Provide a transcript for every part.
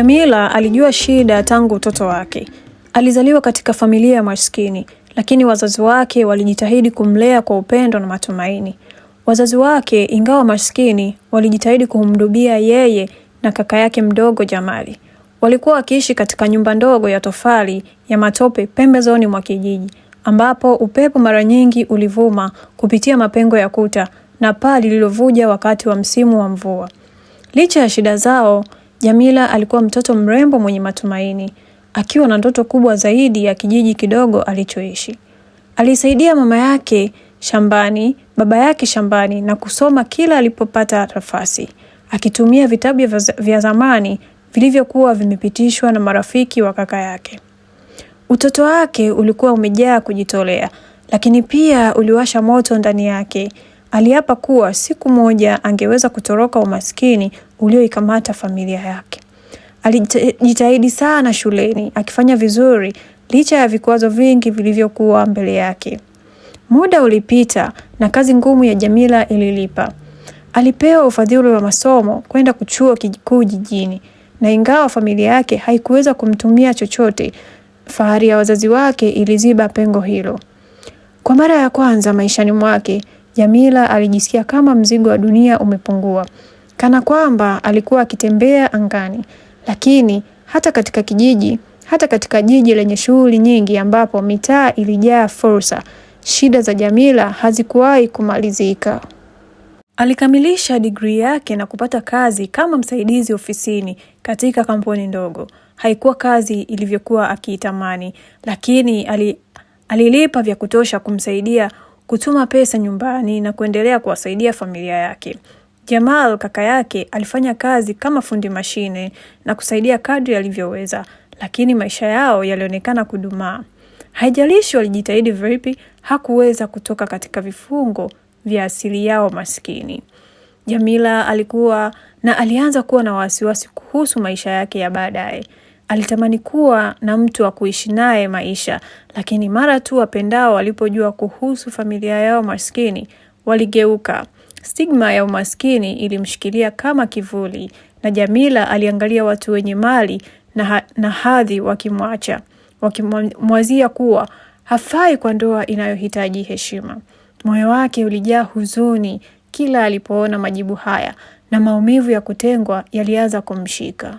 Jamila alijua shida tangu utoto wake. Alizaliwa katika familia ya maskini, lakini wazazi wake walijitahidi kumlea kwa upendo na matumaini. Wazazi wake, ingawa maskini, walijitahidi kumhudumia yeye na kaka yake mdogo Jamali. Walikuwa wakiishi katika nyumba ndogo ya tofali ya matope pembezoni mwa kijiji, ambapo upepo mara nyingi ulivuma kupitia mapengo ya kuta na paa lililovuja wakati wa msimu wa mvua. Licha ya shida zao, Jamila alikuwa mtoto mrembo mwenye matumaini, akiwa na ndoto kubwa zaidi ya kijiji kidogo alichoishi. Alisaidia mama yake shambani, baba yake shambani na kusoma kila alipopata nafasi, akitumia vitabu vya zamani vilivyokuwa vimepitishwa na marafiki wa kaka yake. Utoto wake ulikuwa umejaa kujitolea, lakini pia uliwasha moto ndani yake. Aliapa kuwa siku moja angeweza kutoroka umaskini ulioikamata familia yake. Alijitahidi sana shuleni akifanya vizuri licha ya vikwazo vingi vilivyokuwa mbele yake. Muda ulipita na kazi ngumu ya Jamila ililipa. Alipewa ufadhili wa masomo kwenda chuo kikuu jijini, na ingawa familia yake haikuweza kumtumia chochote, fahari ya wazazi wake iliziba pengo hilo. Kwa mara ya kwanza maishani mwake, Jamila alijisikia kama mzigo wa dunia umepungua kana kwamba alikuwa akitembea angani. Lakini hata katika kijiji, hata katika jiji lenye shughuli nyingi, ambapo mitaa ilijaa fursa, shida za Jamila hazikuwahi kumalizika. Alikamilisha digrii yake na kupata kazi kama msaidizi ofisini katika kampuni ndogo. Haikuwa kazi ilivyokuwa akiitamani, lakini ali, alilipa vya kutosha kumsaidia kutuma pesa nyumbani na kuendelea kuwasaidia familia yake. Jamal kaka yake alifanya kazi kama fundi mashine na kusaidia kadri alivyoweza, lakini maisha yao yalionekana kudumaa. Haijalishi walijitahidi vipi, hakuweza kutoka katika vifungo vya asili yao maskini. Jamila alikuwa na alianza kuwa na wasiwasi kuhusu maisha yake ya baadaye. Alitamani kuwa na mtu wa kuishi naye maisha, lakini mara tu wapendao walipojua kuhusu familia yao maskini, waligeuka. Stigma ya umaskini ilimshikilia kama kivuli na Jamila aliangalia watu wenye mali na, ha na hadhi wakimwacha, wakimwazia kuwa hafai kwa ndoa inayohitaji heshima. Moyo wake ulijaa huzuni kila alipoona majibu haya na maumivu ya kutengwa yalianza kumshika.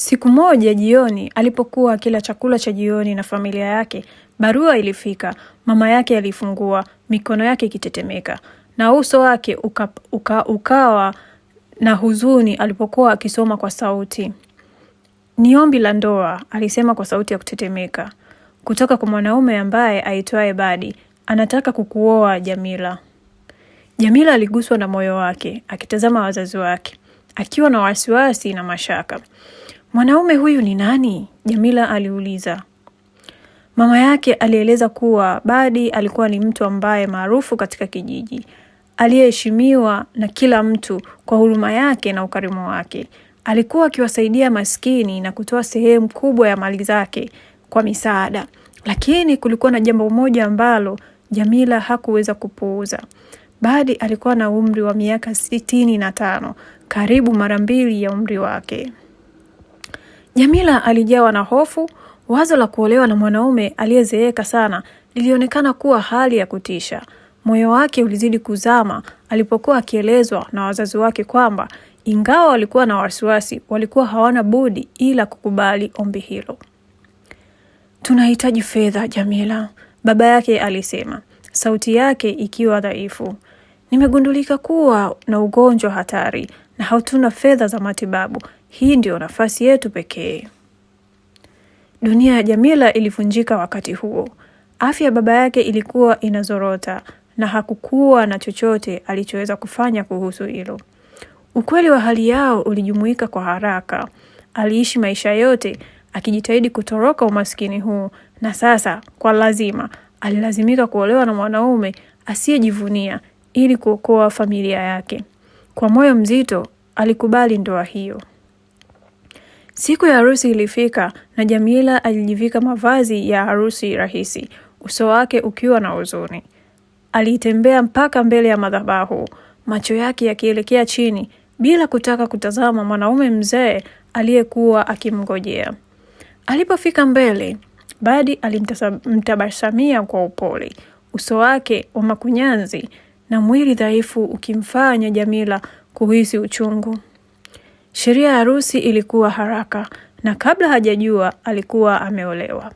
Siku moja jioni alipokuwa akila chakula cha jioni na familia yake, barua ilifika. Mama yake alifungua, mikono yake ikitetemeka na uso wake uka, uka, ukawa na huzuni alipokuwa akisoma kwa sauti. Ni ombi la ndoa, alisema kwa sauti ya kutetemeka, kutoka kwa mwanaume ambaye aitwaye Badi. Anataka kukuoa Jamila. Jamila aliguswa na moyo wake, akitazama wazazi wake akiwa na wasiwasi na mashaka. Mwanaume huyu ni nani? Jamila aliuliza. Mama yake alieleza kuwa Badi alikuwa ni mtu ambaye maarufu katika kijiji, aliyeheshimiwa na kila mtu kwa huruma yake na ukarimu wake. Alikuwa akiwasaidia maskini na kutoa sehemu kubwa ya mali zake kwa misaada, lakini kulikuwa na jambo moja ambalo Jamila hakuweza kupuuza. Badi alikuwa na umri wa miaka sitini na tano, karibu mara mbili ya umri wake. Jamila alijawa na hofu. Wazo la kuolewa na mwanaume aliyezeeka sana lilionekana kuwa hali ya kutisha. Moyo wake ulizidi kuzama alipokuwa akielezwa na wazazi wake kwamba ingawa walikuwa na wasiwasi, walikuwa hawana budi ila kukubali ombi hilo. Tunahitaji fedha, Jamila, baba yake alisema, sauti yake ikiwa dhaifu. Nimegundulika kuwa na ugonjwa hatari na hatuna fedha za matibabu. Hii ndio nafasi yetu pekee. Dunia ya Jamila ilivunjika wakati huo. Afya ya baba yake ilikuwa inazorota na hakukuwa na chochote alichoweza kufanya kuhusu hilo. Ukweli wa hali yao ulijumuika kwa haraka. Aliishi maisha yote akijitahidi kutoroka umaskini huu, na sasa kwa lazima alilazimika kuolewa na mwanaume asiyejivunia ili kuokoa familia yake. Kwa moyo mzito alikubali ndoa hiyo. Siku ya harusi ilifika na Jamila alijivika mavazi ya harusi rahisi, uso wake ukiwa na huzuni. Alitembea mpaka mbele ya madhabahu, macho yake yakielekea chini bila kutaka kutazama mwanaume mzee aliyekuwa akimngojea. Alipofika mbele, Badi alimtabasamia kwa upole, uso wake wa makunyanzi na mwili dhaifu ukimfanya Jamila kuhisi uchungu. Sheria ya harusi ilikuwa haraka na kabla hajajua alikuwa ameolewa.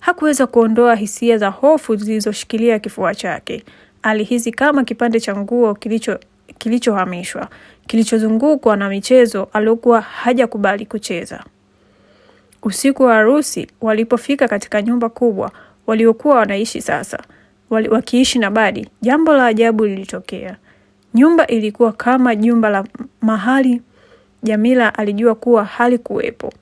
Hakuweza kuondoa hisia za hofu zilizoshikilia kifua chake. Alihisi kama kipande cha nguo kilicho kilichohamishwa, kilichozungukwa na michezo aliyokuwa hajakubali kucheza. Usiku wa harusi, walipofika katika nyumba kubwa waliokuwa wanaishi sasa, wali, wakiishi na Badi, jambo la ajabu lilitokea. Nyumba ilikuwa kama jumba la mahali Jamila alijua kuwa halikuwepo.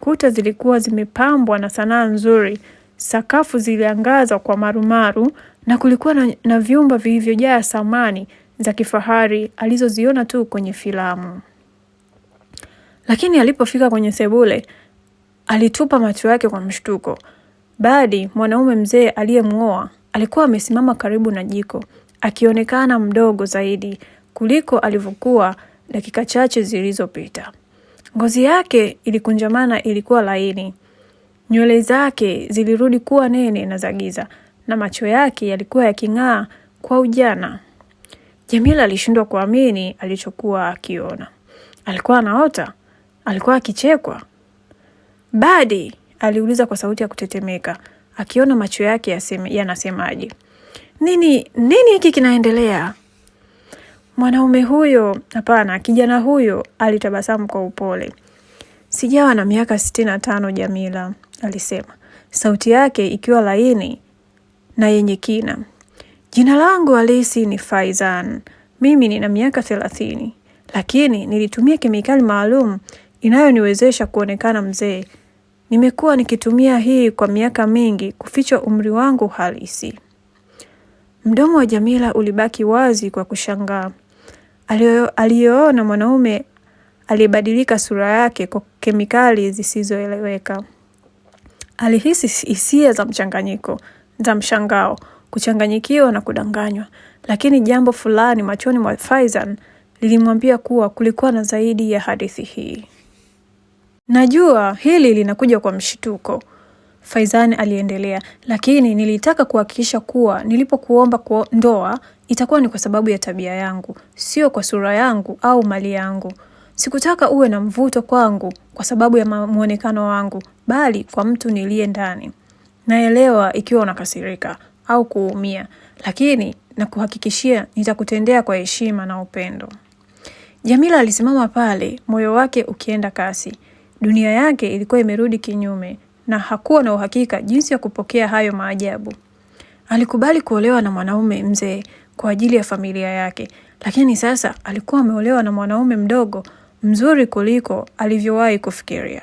Kuta zilikuwa zimepambwa na sanaa nzuri, sakafu ziliangazwa kwa marumaru na kulikuwa na, na vyumba vilivyojaa samani za kifahari alizoziona tu kwenye filamu. Lakini alipofika kwenye sebule alitupa macho yake kwa mshtuko. Badi, mwanaume mzee aliyemng'oa, alikuwa amesimama karibu na jiko, akionekana mdogo zaidi kuliko alivyokuwa dakika chache zilizopita. Ngozi yake ilikunjamana, ilikuwa laini, nywele zake zilirudi kuwa nene na za giza, na macho yake yalikuwa yaking'aa kwa ujana. Jamila alishindwa kuamini alichokuwa akiona. Alikuwa anaota? Alikuwa akichekwa? Badi aliuliza kwa sauti ya kutetemeka, akiona macho yake yanasemaje. Nini nini hiki kinaendelea? Mwanaume huyo, hapana, kijana huyo alitabasamu kwa upole. Sijawa na miaka sitini na tano, Jamila alisema, sauti yake ikiwa laini na yenye kina. Jina langu halisi ni Faizan. Mimi nina miaka thelathini, lakini nilitumia kemikali maalum inayoniwezesha kuonekana mzee. Nimekuwa nikitumia hii kwa miaka mingi kuficha umri wangu halisi. Mdomo wa Jamila ulibaki wazi kwa kushangaa aliyoona mwanaume aliyebadilika sura yake kwa kemikali zisizoeleweka. Alihisi hisia za mchanganyiko, za mshangao, kuchanganyikiwa na kudanganywa, lakini jambo fulani machoni mwa Faizan lilimwambia kuwa kulikuwa na zaidi ya hadithi hii. Najua hili linakuja kwa mshituko, Faizan aliendelea, lakini nilitaka kuhakikisha kuwa nilipokuomba kwa ndoa itakuwa ni kwa sababu ya tabia yangu, sio kwa sura yangu au mali yangu. Sikutaka uwe na mvuto kwangu kwa sababu ya mwonekano wangu, bali kwa mtu niliye ndani. Naelewa ikiwa unakasirika au kuumia, lakini nakuhakikishia nitakutendea kwa heshima na upendo. Jamila alisimama pale, moyo wake ukienda kasi. Dunia yake ilikuwa imerudi kinyume, na hakuwa na uhakika jinsi ya kupokea hayo maajabu. Alikubali kuolewa na mwanaume mzee kwa ajili ya familia yake, lakini sasa alikuwa ameolewa na mwanaume mdogo mzuri kuliko alivyowahi kufikiria.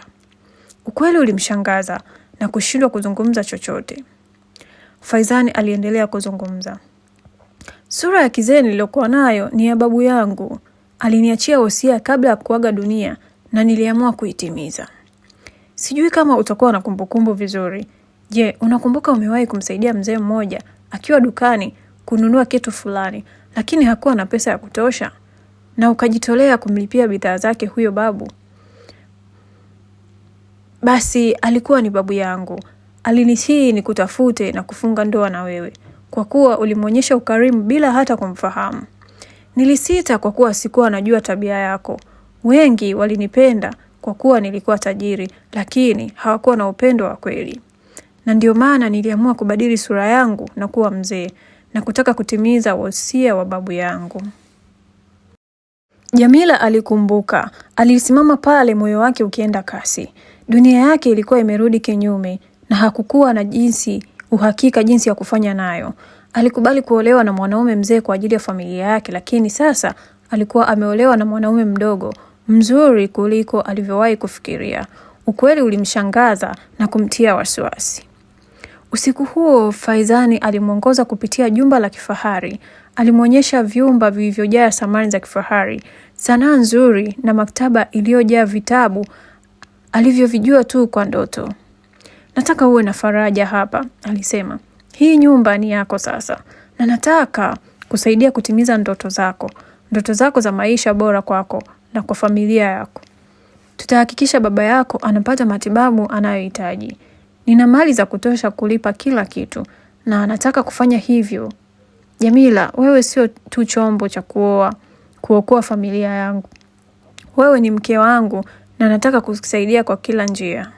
Ukweli ulimshangaza na kushindwa kuzungumza chochote. Faizani aliendelea kuzungumza. Sura ya kizee niliyokuwa nayo ni ya babu yangu. Aliniachia wosia kabla ya kuaga dunia na niliamua kuitimiza. Sijui kama utakuwa na kumbukumbu vizuri. Je, unakumbuka umewahi kumsaidia mzee mmoja akiwa dukani kununua kitu fulani, lakini hakuwa na pesa ya kutosha na ukajitolea kumlipia bidhaa zake huyo babu? Basi alikuwa ni babu yangu. Alinisihi kutafute na kufunga ndoa na wewe kwa kuwa ulimwonyesha ukarimu bila hata kumfahamu. Nilisita kwa kuwa sikuwa najua tabia yako. Wengi walinipenda kwa kuwa nilikuwa tajiri, lakini hawakuwa na upendo wa kweli, na ndio maana niliamua kubadili sura yangu na kuwa mzee na kutaka kutimiza wosia wa babu yangu. Jamila alikumbuka. Alisimama pale, moyo wake ukienda kasi. Dunia yake ilikuwa imerudi kinyume, na hakukuwa na jinsi uhakika jinsi ya kufanya nayo. Alikubali kuolewa na mwanaume mzee kwa ajili ya familia yake, lakini sasa alikuwa ameolewa na mwanaume mdogo mzuri kuliko alivyowahi kufikiria. Ukweli ulimshangaza na kumtia wasiwasi. Usiku huo Faizani alimwongoza kupitia jumba la kifahari. Alimwonyesha vyumba vilivyojaa samani za kifahari, sanaa nzuri na maktaba iliyojaa vitabu alivyovijua tu kwa ndoto. Nataka uwe na faraja hapa, alisema. Hii nyumba ni yako sasa, na nataka kusaidia kutimiza ndoto zako, ndoto zako za maisha bora kwako na kwa familia yako. Tutahakikisha baba yako anapata matibabu anayohitaji. Nina mali za kutosha kulipa kila kitu na anataka kufanya hivyo. Jamila, wewe sio tu chombo cha kuoa kuokoa familia yangu. Wewe ni mke wangu na nataka kusaidia kwa kila njia.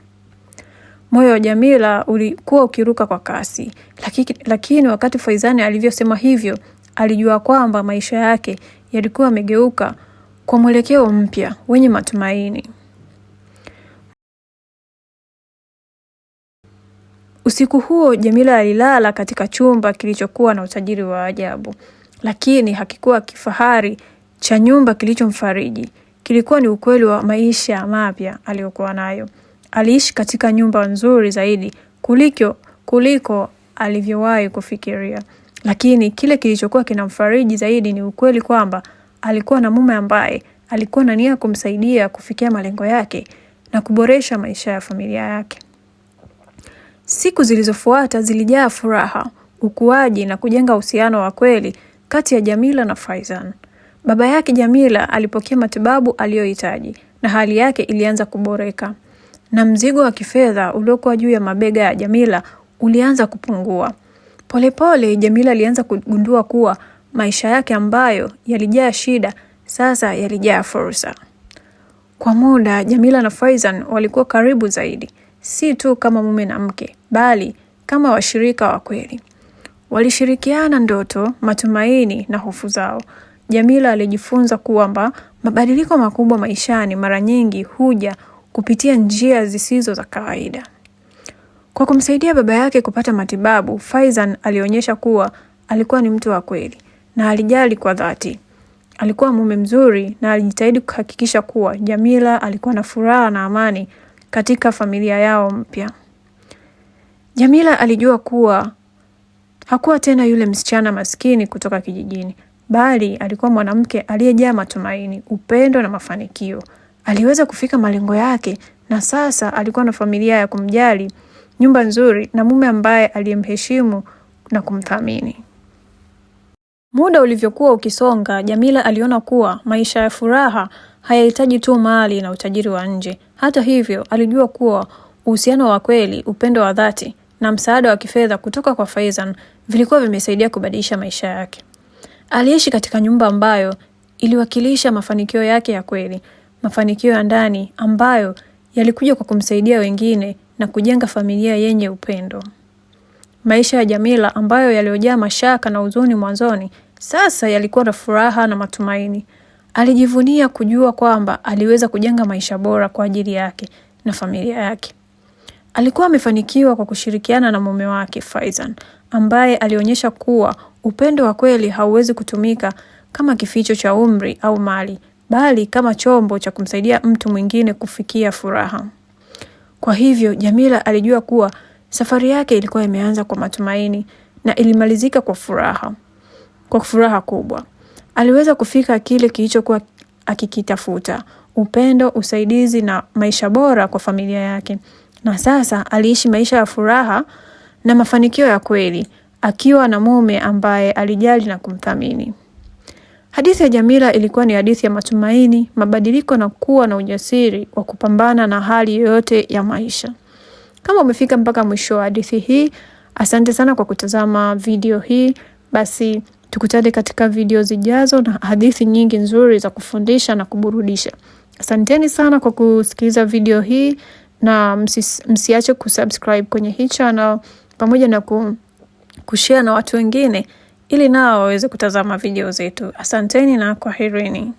Moyo wa Jamila ulikuwa ukiruka kwa kasi, lakini, lakini wakati Faizani alivyosema hivyo, alijua kwamba maisha yake yalikuwa yamegeuka kwa mwelekeo mpya wenye matumaini. Usiku huo Jamila alilala katika chumba kilichokuwa na utajiri wa ajabu, lakini hakikuwa kifahari cha nyumba kilichomfariji. Kilikuwa ni ukweli wa maisha mapya aliyokuwa nayo. Aliishi katika nyumba nzuri zaidi kuliko kuliko alivyowahi kufikiria, lakini kile kilichokuwa kinamfariji zaidi ni ukweli kwamba alikuwa na mume ambaye alikuwa na nia kumsaidia kufikia malengo yake na kuboresha maisha ya familia yake. Siku zilizofuata zilijaa furaha, ukuaji na kujenga uhusiano wa kweli kati ya Jamila na Faizan. Baba yake Jamila alipokea matibabu aliyohitaji na hali yake ilianza kuboreka, na mzigo wa kifedha uliokuwa juu ya mabega ya Jamila ulianza kupungua. Polepole pole, Jamila alianza kugundua kuwa maisha yake ambayo yalijaa shida sasa yalijaa fursa. Kwa muda Jamila na Faizan walikuwa karibu zaidi, si tu kama mume na mke, bali kama washirika wa kweli. Walishirikiana ndoto, matumaini na hofu zao. Jamila alijifunza kwamba mabadiliko makubwa maishani mara nyingi huja kupitia njia zisizo za kawaida. Kwa kumsaidia baba yake kupata matibabu, Faizan alionyesha kuwa alikuwa ni mtu wa kweli, na alijali kwa dhati. Alikuwa mume mzuri na alijitahidi kuhakikisha kuwa Jamila alikuwa na furaha na amani katika familia yao mpya. Jamila alijua kuwa hakuwa tena yule msichana maskini kutoka kijijini, bali alikuwa mwanamke aliyejaa matumaini, upendo na mafanikio. Aliweza kufika malengo yake na sasa alikuwa na familia ya kumjali, nyumba nzuri na mume ambaye aliyemheshimu na kumthamini. Muda ulivyokuwa ukisonga, Jamila aliona kuwa maisha ya furaha hayahitaji tu mali na utajiri wa nje. Hata hivyo, alijua kuwa uhusiano wa kweli, upendo wa dhati na msaada wa kifedha kutoka kwa Faizan vilikuwa vimesaidia kubadilisha maisha yake. Aliishi katika nyumba ambayo iliwakilisha mafanikio yake ya kweli, mafanikio ya ndani ambayo yalikuja kwa kumsaidia wengine na kujenga familia yenye upendo. Maisha ya Jamila ambayo yaliyojaa mashaka na huzuni mwanzoni, sasa yalikuwa na furaha na matumaini. Alijivunia kujua kwamba aliweza kujenga maisha bora kwa ajili yake na familia yake. Alikuwa amefanikiwa kwa kushirikiana na mume wake Faizan, ambaye alionyesha kuwa upendo wa kweli hauwezi kutumika kama kificho cha umri au mali, bali kama chombo cha kumsaidia mtu mwingine kufikia furaha. Kwa hivyo, Jamila alijua kuwa Safari yake ilikuwa imeanza kwa matumaini na ilimalizika kwa furaha, kwa furaha kubwa. Aliweza kufika kile kilichokuwa akikitafuta: upendo, usaidizi na maisha bora kwa familia yake. Na sasa aliishi maisha ya furaha na mafanikio ya kweli akiwa na mume ambaye alijali na kumthamini. Hadithi ya Jamila ilikuwa ni hadithi ya matumaini, mabadiliko na kuwa na ujasiri wa kupambana na hali yoyote ya maisha. Kama umefika mpaka mwisho wa hadithi hii, asante sana kwa kutazama video hii. Basi tukutane katika video zijazo na hadithi nyingi nzuri za kufundisha na kuburudisha. Asanteni sana kwa kusikiliza video hii na msis, msiache kusubscribe kwenye hii channel pamoja na ku, kushare na watu wengine ili nao waweze kutazama video zetu. Asanteni na kwaherini.